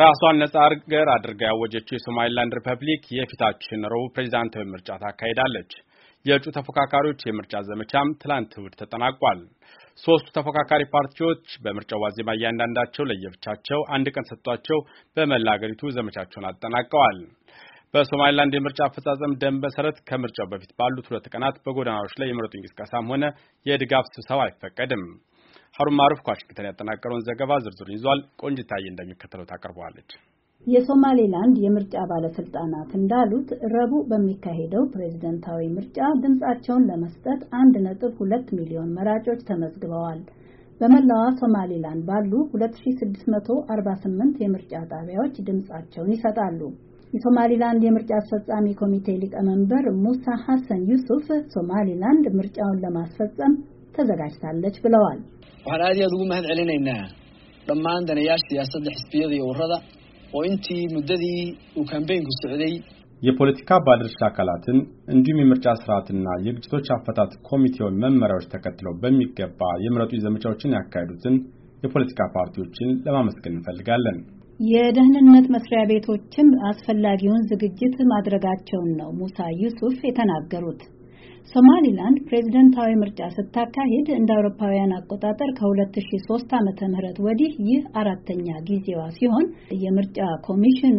ራሷን ነጻ አገር አድርጋ ያወጀችው የሶማሊላንድ ሪፐብሊክ የፊታችን ረቡዕ ፕሬዚዳንታዊ ምርጫ ታካሂዳለች። የእጩ ተፎካካሪዎች የምርጫ ዘመቻም ትላንት እሁድ ተጠናቋል። ሶስቱ ተፎካካሪ ፓርቲዎች በምርጫው ዋዜማ እያንዳንዳቸው ለየብቻቸው አንድ ቀን ሰጥቷቸው በመላ አገሪቱ ዘመቻቸውን አጠናቀዋል። በሶማሊላንድ የምርጫ አፈጻጸም ደንብ መሰረት ከምርጫው በፊት ባሉት ሁለት ቀናት በጎዳናዎች ላይ የምረጡ እንቅስቃሴም ሆነ የድጋፍ ስብሰባ አይፈቀድም። ሀሩን ማሩፍ ከዋሽንግተን ያጠናቀረውን ዘገባ ዝርዝሩን ይዟል። ቆንጅታዬ እንደሚከተለው ታቀርበዋለች። የሶማሌላንድ የምርጫ ባለስልጣናት እንዳሉት ረቡዕ በሚካሄደው ፕሬዝደንታዊ ምርጫ ድምፃቸውን ለመስጠት አንድ ነጥብ ሁለት ሚሊዮን መራጮች ተመዝግበዋል። በመላዋ ሶማሌላንድ ባሉ 2648 የምርጫ ጣቢያዎች ድምፃቸውን ይሰጣሉ። የሶማሊላንድ የምርጫ አስፈጻሚ ኮሚቴ ሊቀመንበር ሙሳ ሐሰን ዩሱፍ ሶማሊላንድ ምርጫውን ለማስፈጸም ተዘጋጅታለች ብለዋል። waxaan aad iyo aad ugu mahad celinaynaa dhammaan danayaasha siyaasadda xisbiyada iyo ururada oo intii muddadii uu kambeynku socday የፖለቲካ ባለድርሻ አካላትን እንዲሁም የምርጫ ስርዓትና የግጭቶች አፈታት ኮሚቴውን መመሪያዎች ተከትለው በሚገባ የምረጡ ዘመቻዎችን ያካሄዱትን የፖለቲካ ፓርቲዎችን ለማመስገን እንፈልጋለን። የደህንነት መስሪያ ቤቶችም አስፈላጊውን ዝግጅት ማድረጋቸውን ነው ሙሳ ዩሱፍ የተናገሩት። ሶማሊላንድ ፕሬዝደንታዊ ምርጫ ስታካሂድ እንደ አውሮፓውያን አቆጣጠር ከ2003 ዓ.ም ወዲህ ይህ አራተኛ ጊዜዋ ሲሆን የምርጫ ኮሚሽኑ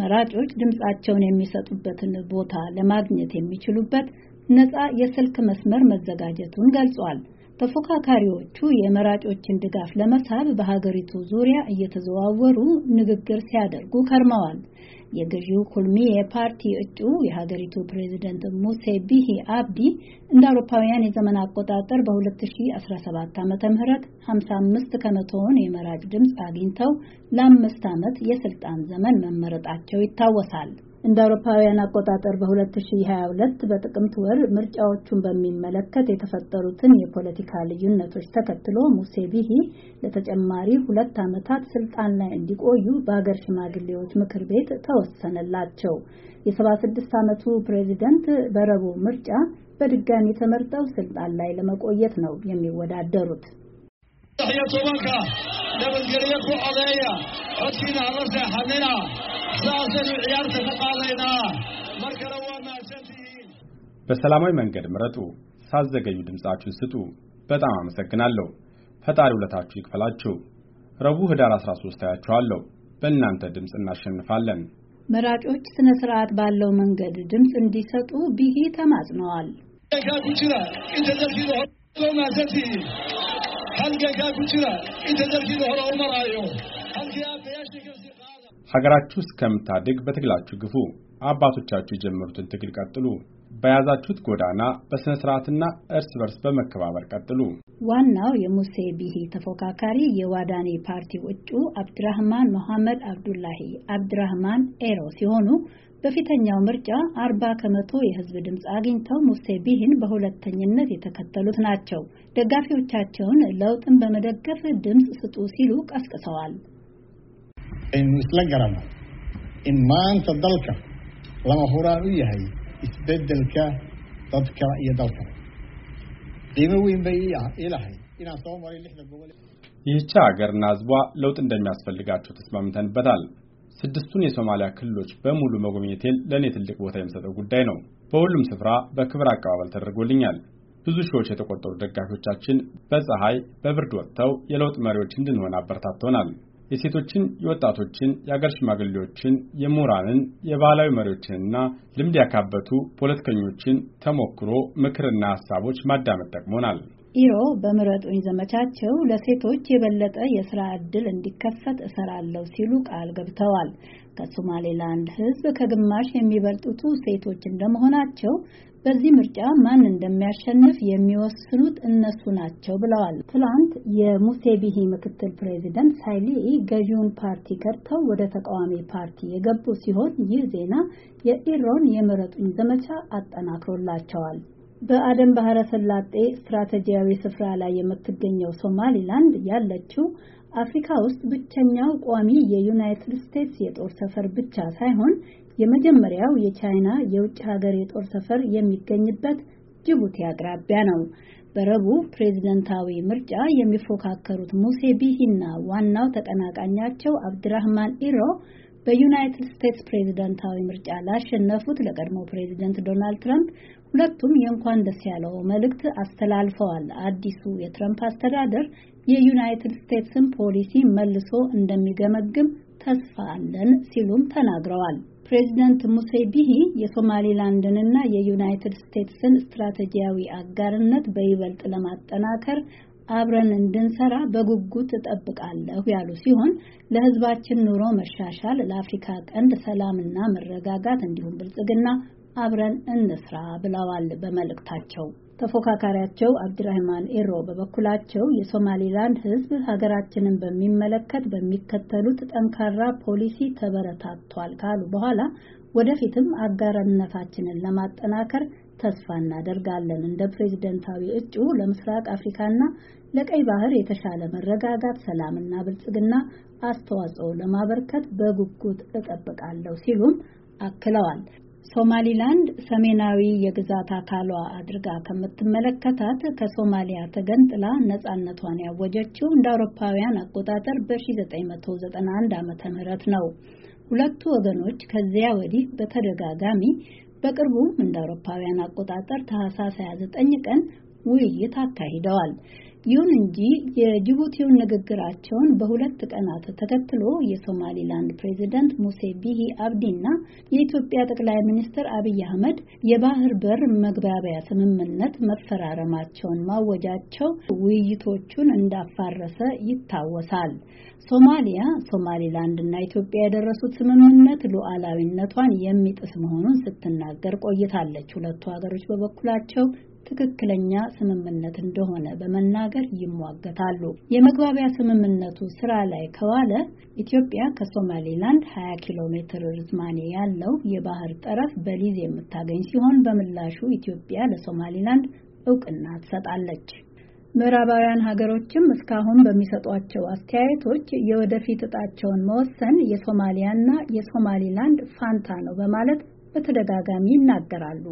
መራጮች ድምጻቸውን የሚሰጡበትን ቦታ ለማግኘት የሚችሉበት ነጻ የስልክ መስመር መዘጋጀቱን ገልጿል። ተፎካካሪዎቹ የመራጮችን ድጋፍ ለመሳብ በሀገሪቱ ዙሪያ እየተዘዋወሩ ንግግር ሲያደርጉ ከርመዋል። የገዢው ኩልሚ የፓርቲ እጩ የሀገሪቱ ፕሬዚደንት ሙሴቢሂ አብዲ እንደ አውሮፓውያን የዘመን አቆጣጠር በ2017 ዓ ም 55 ከመቶውን የመራጭ ድምፅ አግኝተው ለአምስት ዓመት የስልጣን ዘመን መመረጣቸው ይታወሳል። እንደ አውሮፓውያን አቆጣጠር በ2022 በጥቅምት ወር ምርጫዎቹን በሚመለከት የተፈጠሩትን የፖለቲካ ልዩነቶች ተከትሎ ቢሂ ለተጨማሪ ሁለት ዓመታት ስልጣን ላይ እንዲቆዩ በአገር ሽማግሌዎች ምክር ቤት ተወሰነላቸው። የ76 ዓመቱ ፕሬዚደንት በረቡዕ ምርጫ በድጋሚ ተመርጠው ስልጣን ላይ ለመቆየት ነው የሚወዳደሩት። በሰላማዊ መንገድ ምረጡ፣ ሳዘገዩ ድምጻችሁን ስጡ። በጣም አመሰግናለሁ። ፈጣሪ ውለታችሁ ይክፈላችሁ። ረቡዕ ህዳር 13 ታያችኋለሁ። በእናንተ ድምፅ እናሸንፋለን። መራጮች ስነ ስርዓት ባለው መንገድ ድምፅ እንዲሰጡ ቢሂ ተማጽነዋል። ሀገራችሁ እስከምታድግ በትግላችሁ ግፉ። አባቶቻችሁ የጀመሩትን ትግል ቀጥሉ። በያዛችሁት ጎዳና በሥነ ሥርዓትና እርስ በርስ በመከባበር ቀጥሉ። ዋናው የሙሴ ቢሂ ተፎካካሪ የዋዳኔ ፓርቲ እጩ አብድራህማን መሐመድ አብዱላሂ አብድራህማን ኤሮ ሲሆኑ በፊተኛው ምርጫ አርባ ከመቶ የህዝብ ድምፅ አግኝተው ሙሴ ቢሂን በሁለተኝነት የተከተሉት ናቸው። ደጋፊዎቻቸውን ለውጥን በመደገፍ ድምፅ ስጡ ሲሉ ቀስቅሰዋል። in isla garanno in maanta dalka lama huraan u yahay isbedelka dadka iyo dalka qiimo weyn bay ilahay inaan soo maray lixda gobol ይህቻ ሀገር ናዝቧ ለውጥ እንደሚያስፈልጋቸው ተስማምተንበታል። ስድስቱን የሶማሊያ ክልሎች በሙሉ መጎብኘቴን ለእኔ ትልቅ ቦታ የምሰጠው ጉዳይ ነው። በሁሉም ስፍራ በክብር አቀባበል ተደርጎልኛል። ብዙ ሺዎች የተቆጠሩ ደጋፊዎቻችን በፀሐይ በብርድ ወጥተው የለውጥ መሪዎች እንድንሆን አበረታተውናል። የሴቶችን፣ የወጣቶችን፣ የአገር ሽማግሌዎችን፣ የምሁራንን፣ የባህላዊ መሪዎችንና ልምድ ያካበቱ ፖለቲከኞችን ተሞክሮ ምክርና ሀሳቦች ማዳመጥ ጠቅሞናል። ኢሮ በምረጡኝ ዘመቻቸው ለሴቶች የበለጠ የስራ ዕድል እንዲከፈት እሰራለሁ ሲሉ ቃል ገብተዋል። ከሶማሌላንድ ሕዝብ ከግማሽ የሚበልጡቱ ሴቶች እንደመሆናቸው በዚህ ምርጫ ማን እንደሚያሸንፍ የሚወስኑት እነሱ ናቸው ብለዋል። ትላንት የሙሴቢሂ ምክትል ፕሬዚደንት ሳይሊ ገዢውን ፓርቲ ከድተው ወደ ተቃዋሚ ፓርቲ የገቡ ሲሆን ይህ ዜና የኢሮን የምረጡኝ ዘመቻ አጠናክሮላቸዋል። በአደን ባህረ ሰላጤ ስትራቴጂያዊ ስፍራ ላይ የምትገኘው ሶማሊላንድ ያለችው አፍሪካ ውስጥ ብቸኛው ቋሚ የዩናይትድ ስቴትስ የጦር ሰፈር ብቻ ሳይሆን የመጀመሪያው የቻይና የውጭ ሀገር የጦር ሰፈር የሚገኝበት ጅቡቲ አቅራቢያ ነው። በረቡዕ ፕሬዝደንታዊ ምርጫ የሚፎካከሩት ሙሴ ዋናው ተቀናቃኛቸው አብድራህማን ኢሮ በዩናይትድ ስቴትስ ፕሬዝደንታዊ ምርጫ ላሸነፉት ለቀድሞ ፕሬዝደንት ዶናልድ ትራምፕ ሁለቱም የእንኳን ደስ ያለው መልእክት አስተላልፈዋል። አዲሱ የትራምፕ አስተዳደር የዩናይትድ ስቴትስን ፖሊሲ መልሶ እንደሚገመግም ተስፋ አለን ሲሉም ተናግረዋል። ፕሬዚደንት ቢሂ የሶማሊላንድንና የዩናይትድ ስቴትስን ስትራቴጂያዊ አጋርነት በይበልጥ ለማጠናከር አብረን እንድንሰራ በጉጉት እጠብቃለሁ ያሉ ሲሆን ለሕዝባችን ኑሮ መሻሻል፣ ለአፍሪካ ቀንድ ሰላምና መረጋጋት እንዲሁም ብልጽግና አብረን እንስራ ብለዋል በመልእክታቸው። ተፎካካሪያቸው አብድራህማን ኤሮ በበኩላቸው የሶማሊላንድ ህዝብ ሀገራችንን በሚመለከት በሚከተሉት ጠንካራ ፖሊሲ ተበረታቷል ካሉ በኋላ ወደፊትም አጋርነታችንን ለማጠናከር ተስፋ እናደርጋለን። እንደ ፕሬዝደንታዊ እጩ ለምስራቅ አፍሪካና ለቀይ ባህር የተሻለ መረጋጋት፣ ሰላምና ብልጽግና አስተዋጽኦ ለማበርከት በጉጉት እጠብቃለሁ ሲሉም አክለዋል። ሶማሊላንድ ሰሜናዊ የግዛት አካሏ አድርጋ ከምትመለከታት ከሶማሊያ ተገንጥላ ነጻነቷን ያወጀችው እንደ አውሮፓውያን አቆጣጠር በ1991 ዓ.ም ነው። ሁለቱ ወገኖች ከዚያ ወዲህ በተደጋጋሚ በቅርቡ እንደ አውሮፓውያን አቆጣጠር ታህሳስ 29 ቀን ውይይት አካሂደዋል። ይሁን እንጂ የጅቡቲውን ንግግራቸውን በሁለት ቀናት ተከትሎ የሶማሊላንድ ፕሬዚደንት ሙሴ ቢሂ አብዲ እና የኢትዮጵያ ጠቅላይ ሚኒስትር አብይ አህመድ የባህር በር መግባቢያ ስምምነት መፈራረማቸውን ማወጃቸው ውይይቶቹን እንዳፋረሰ ይታወሳል። ሶማሊያ ሶማሊላንድ እና ኢትዮጵያ የደረሱት ስምምነት ሉዓላዊነቷን የሚጥስ መሆኑን ስትናገር ቆይታለች። ሁለቱ ሀገሮች በበኩላቸው ትክክለኛ ስምምነት እንደሆነ በመናገር ይሟገታሉ። የመግባቢያ ስምምነቱ ስራ ላይ ከዋለ ኢትዮጵያ ከሶማሌላንድ 20 ኪሎ ሜትር ርዝማኔ ያለው የባህር ጠረፍ በሊዝ የምታገኝ ሲሆን በምላሹ ኢትዮጵያ ለሶማሌላንድ እውቅና ትሰጣለች። ምዕራባውያን ሀገሮችም እስካሁን በሚሰጧቸው አስተያየቶች የወደፊት እጣቸውን መወሰን የሶማሊያና የሶማሊላንድ ፋንታ ነው በማለት በተደጋጋሚ ይናገራሉ።